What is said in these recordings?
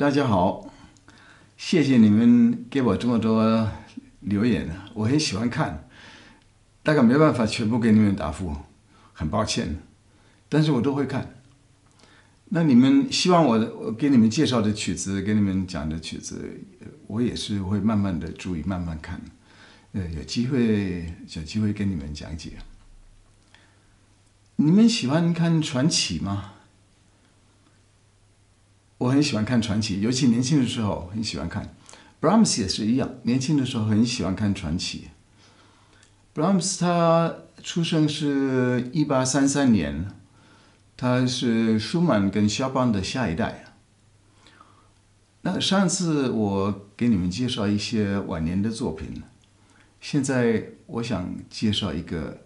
大家好，謝謝你們給我這麼多留言，我很喜歡看，大概沒辦法全部給你們答覆，很抱歉，但是我都會看。那你們希望我，我給你們介紹的曲子，給你們講的曲子，我也是會慢慢的注意，慢慢看，呃，有機會，有機會跟你們講解。你們喜歡看傳奇嗎？我很喜歡看傳奇，尤其年輕的時候很喜歡看。Brahms 也是一樣，年輕的時候很喜歡看傳奇。Brahms 他出生是一八三三年，他是舒曼跟肖邦的下一代。那上次我給你們介紹一些晚年的作品，現在我想介紹一個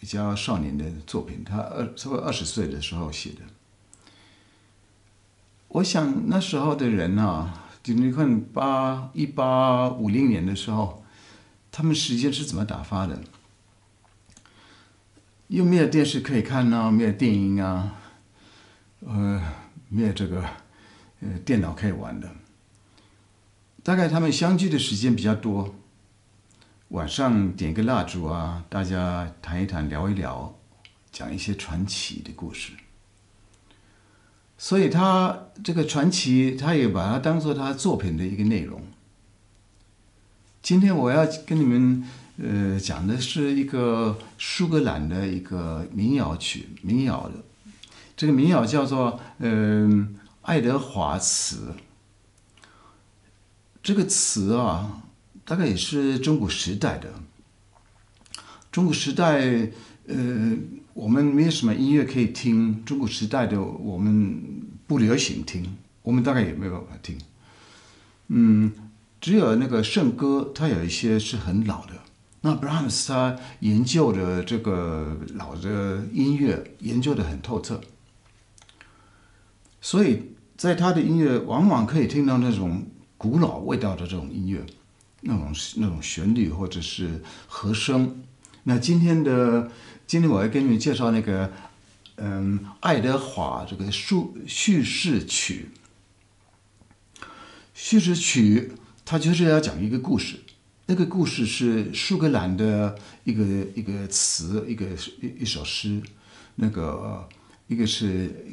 比較少年的作品，他二，差不多二十歲的時候寫的。我想那時候的人呢、啊，就你看八一八五零年的時候，他們時間是怎麼打發的？又沒有電視可以看呢、啊？沒有電影啊，呃，沒有這個呃電腦可以玩的。大概他們相聚的時間比較多，晚上點個蠟燭啊，大家談一談，聊一聊，講一些傳奇的故事。所以他這個傳奇，他也把它當做他作品的一個內容。今天我要跟你們呃講的是一個蘇格蘭的一個民謠曲，民謠的這個民謠叫做呃愛德華詞。這個詞啊，大概也是中古時代的中古時代呃。我們沒有什麼音樂可以聽，中古時代的我們不流行聽，我們大概也沒有辦法聽。嗯，只有那個聖歌，它有一些是很老的。那 Brahms 他研究的這個老的音樂，研究的很透徹，所以在他的音樂往往可以聽到那種古老味道的這種音樂，那種那種旋律或者是和聲。那今天的。今天我要給你們介紹那個，嗯，愛德華這個敘敘事曲。敘事曲，它就是要講一個故事。那個故事是蘇格蘭的一個一個詞，一個一一首詩。那個一個是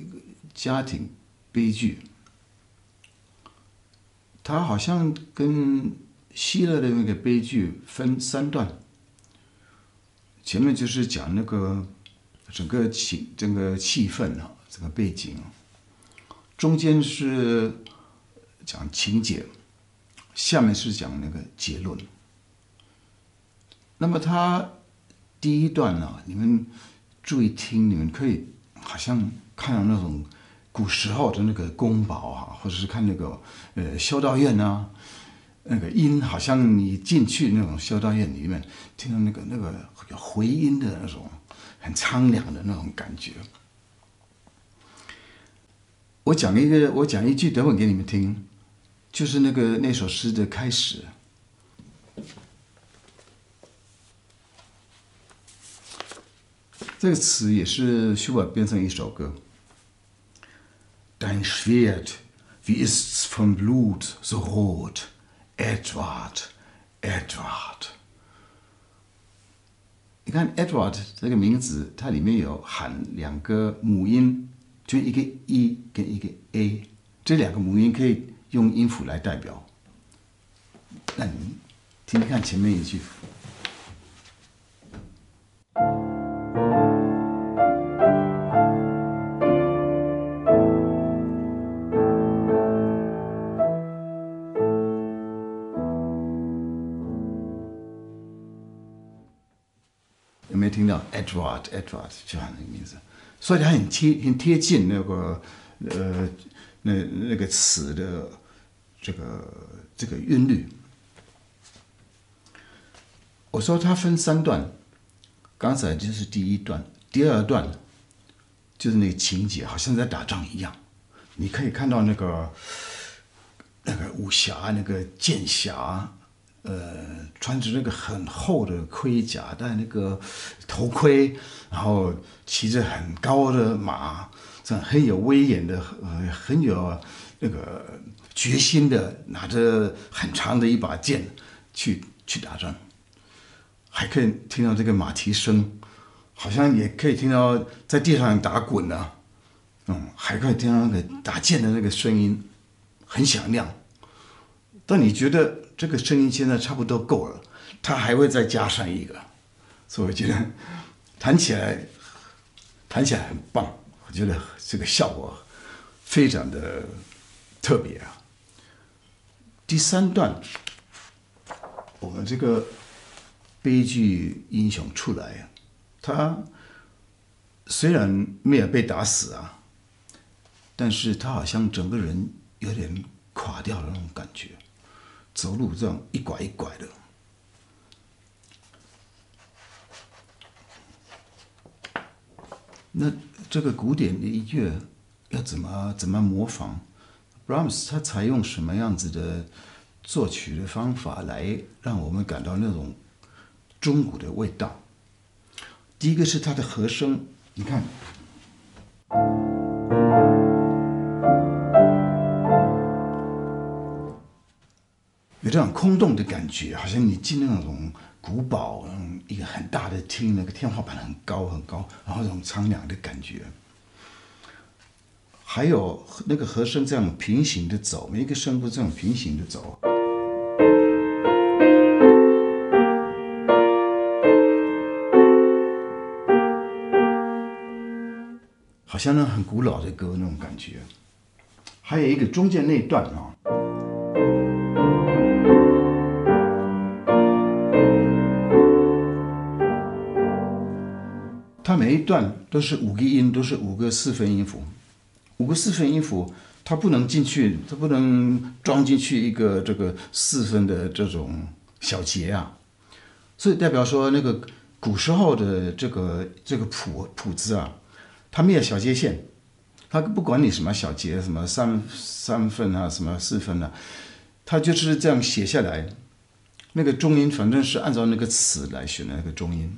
家庭悲劇，它好像跟希臘的那個悲劇分三段。前面就是講那個整個情、整個氣氛啊，整個背景。中間是講情節，下面是講那個結論。那麼他第一段呢、啊，你們注意聽，你們可以好像看到那種古時候的那個宮堡啊，或者是看那個呃修道院吶、啊。那個音好像你進去那種修道院裡面，聽到那個那個有回音的那種，很蒼涼的那種感覺。我講一個，我講一句德文給你們聽，就是那個那首詩的開始。這個詞也是舒伯變成一首歌。Dein Schwert, wie ist's von Blut so rot? Edward，Edward，Edward 你看 Edward 這個名字，它裡面有含兩個母音，就一個 e 跟一個 a，這兩個母音可以用音符來代表。那你聽聽看前面一句。有沒有聽到 Edward Edward 就喊那個名字，所以它很貼很貼近那個呃那那個詞的這個這個韻律。我說它分三段，剛才就是第一段，第二段就是那情節好像在打仗一樣，你可以看到那個那個武俠那個劍俠。呃，穿着那個很厚的盔甲，戴那個頭盔，然後騎着很高的馬，這樣很有威嚴的，很、呃、很有那個決心的，拿着很長的一把劍去去打仗，還可以聽到這個馬蹄聲，好像也可以聽到在地上打滾呢、啊，嗯，還可以聽到那個打劍的那個聲音很響亮，但你覺得？這個聲音現在差不多夠了，他還會再加上一個，所以我覺得彈起來彈起來很棒。我覺得這個效果非常的特別啊。第三段，我們這個悲劇英雄出來啊，他雖然沒有被打死啊，但是他好像整個人有點垮掉了那種感覺。走路這樣一拐一拐的，那這個古典的音樂要怎麼怎麼模仿？Brahms 他採用什麼樣子的作曲的方法來讓我們感到那種中古的味道？第一個是他的和聲，你看。有這樣空洞的感覺，好像你進那種古堡，嗯，一個很大的廳，那個天花板很高很高，然後那種蒼涼的感覺。還有那個和聲這樣平行的走，每一個聲部這樣平行的走，好像那很古老的歌那種感覺。還有一個中間那一段啊、哦。它每一段都是五個音，都是五個四分音符，五個四分音符，它不能進去，它不能裝進去一個這個四分的這種小節啊。所以代表說，那個古時候的這個這個譜譜子啊，它沒有小節線，它不管你什麼小節，什麼三三分啊，什麼四分啊，它就是這樣寫下來。那個中音反正是按照那個詞來選的那個中音。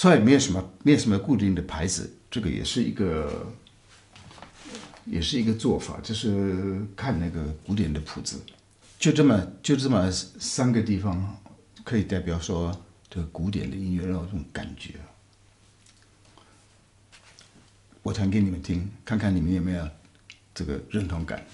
所以沒有什麼，沒有什麼固定的牌子，這個也是一個，也是一個做法，就是看那個古典的譜子，就這麼，就這麼三個地方，可以代表說這個古典的音樂那種感覺。我彈給你們聽，看看你們有沒有這個認同感。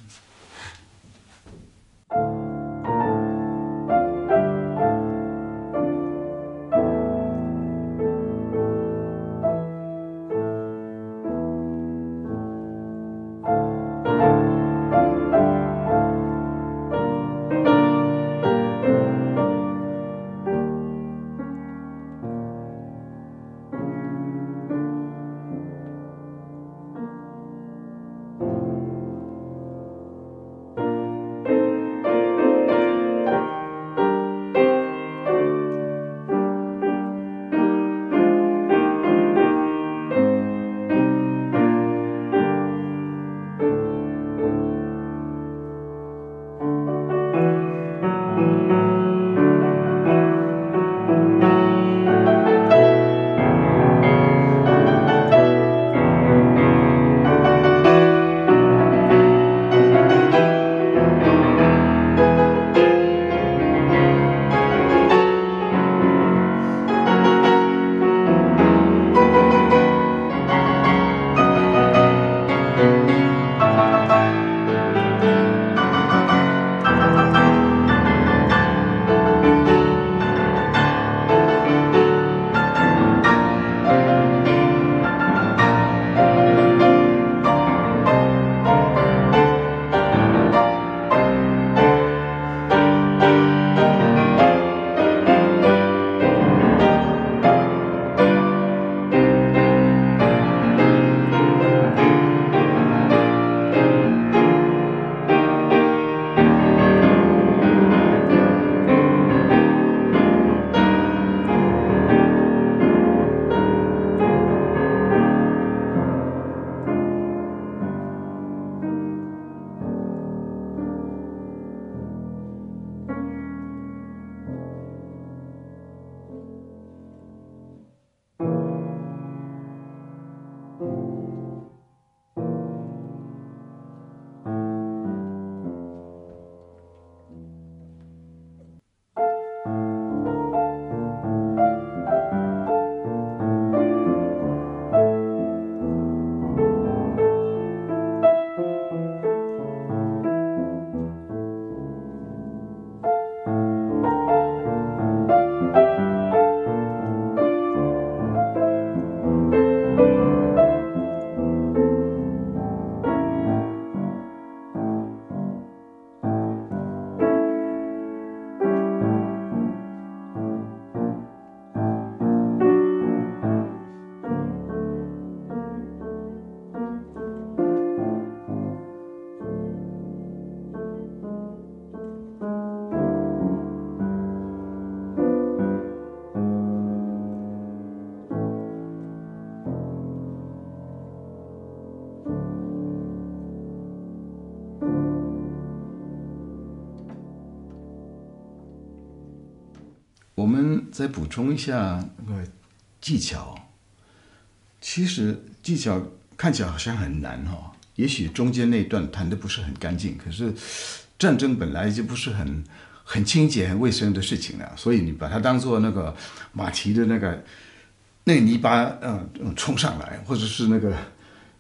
我們再補充一下那個技巧。其實技巧看起來好像很難哦，也許中間那段彈的不是很乾淨。可是戰爭本來就不是很很清潔、很衛生的事情了，所以你把它當做那個馬蹄的那個那個泥巴嗯、呃、衝上來，或者是那個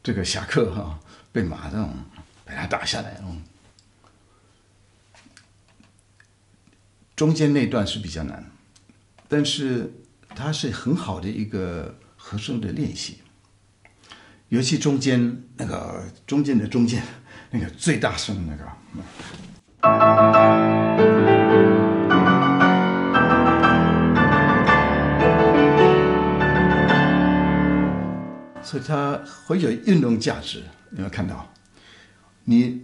這個俠客哈、啊、被馬這種、嗯、把它打下來嗯。中間那段是比較難。但是它是很好的一個和聲的練習，尤其中間那個中間的中間那個最大聲的那個，嗯，所以它很有運動價值。你要看到，你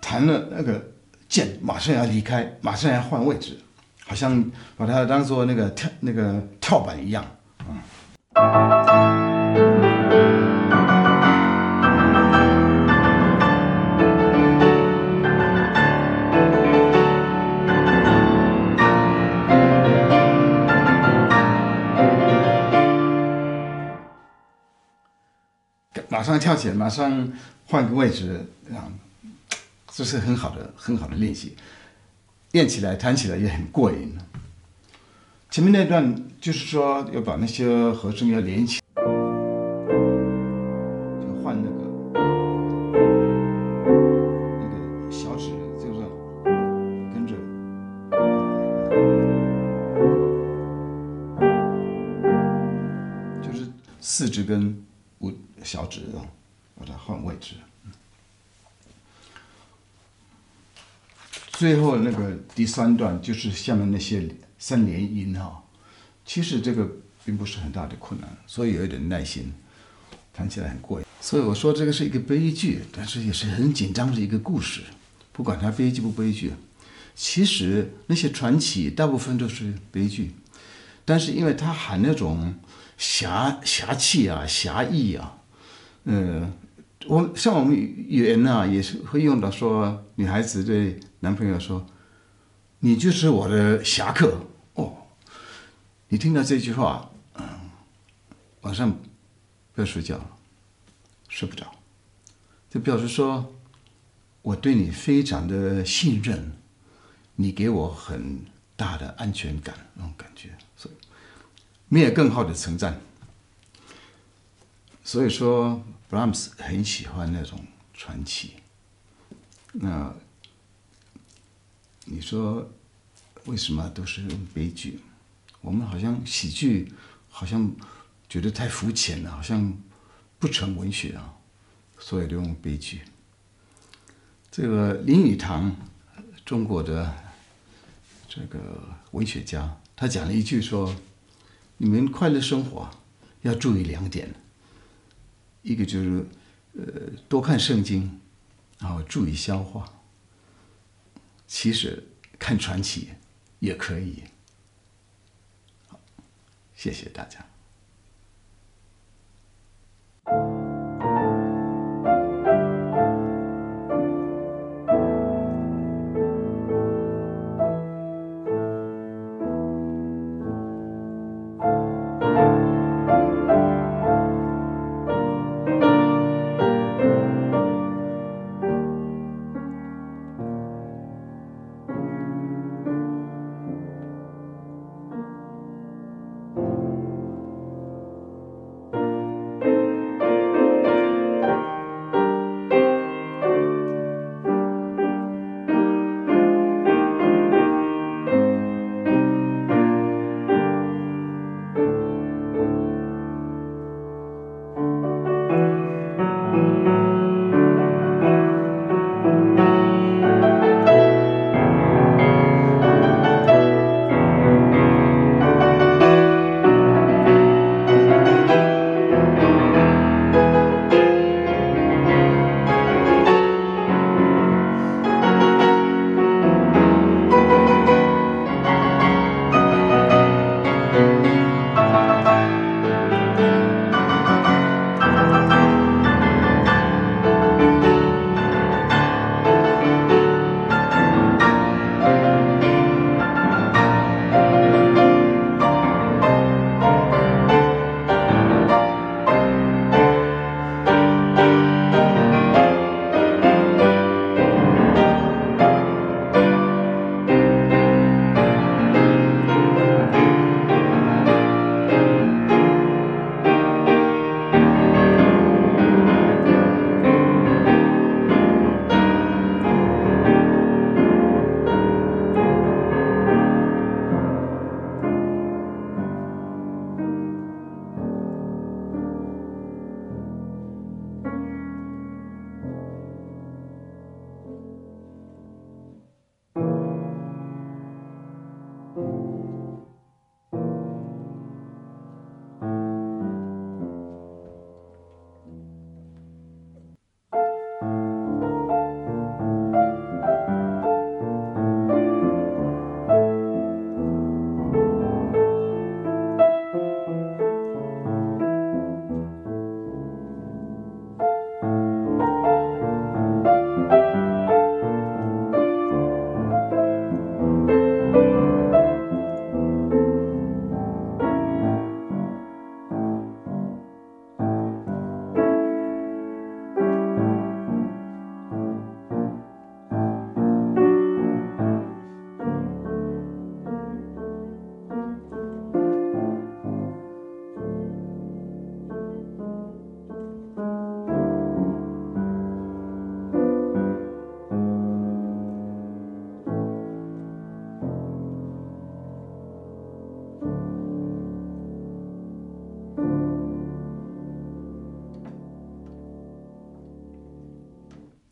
彈了那個鍵，馬上要離開，馬上要換位置。好像把它當做那個跳那個跳板一樣，啊、嗯！馬上跳起來，馬上換個位置，這樣，這是很好的很好的練習。練起來，彈起來也很過癮。前面那段就是說要把那些和聲要連起，就換那個那個小指，就是跟着，就是四指跟五小指，把它換位置。最後那個第三段就是下面那些三連音哈，其實這個並不是很大的困難，所以有一點耐心，彈起來很過癮。所以我說這個是一個悲劇，但是也是很緊張的一個故事。不管它悲劇不悲劇，其實那些傳奇大部分都是悲劇，但是因為它含那種俠俠氣啊、俠義啊，嗯。我像我們語言呢、啊，也是會用到說，女孩子對男朋友說：“你就是我的俠客哦。”你聽到這句話，嗯，晚上不要睡覺，睡不着，就表示說，我對你非常的信任，你給我很大的安全感，那種感覺，所以沒有更好的存在。所以說，布拉姆斯很喜歡那種傳奇。那你說為什麼都是用悲劇？我們好像喜劇好像覺得太膚淺了，好像不成文學啊，所以都用悲劇。這個林語堂，中國的這個文學家，他講了一句說：“你們快樂生活要注意兩點。”一個就是，呃，多看聖經，然後注意消化。其實看傳奇也可以。好，謝謝大家。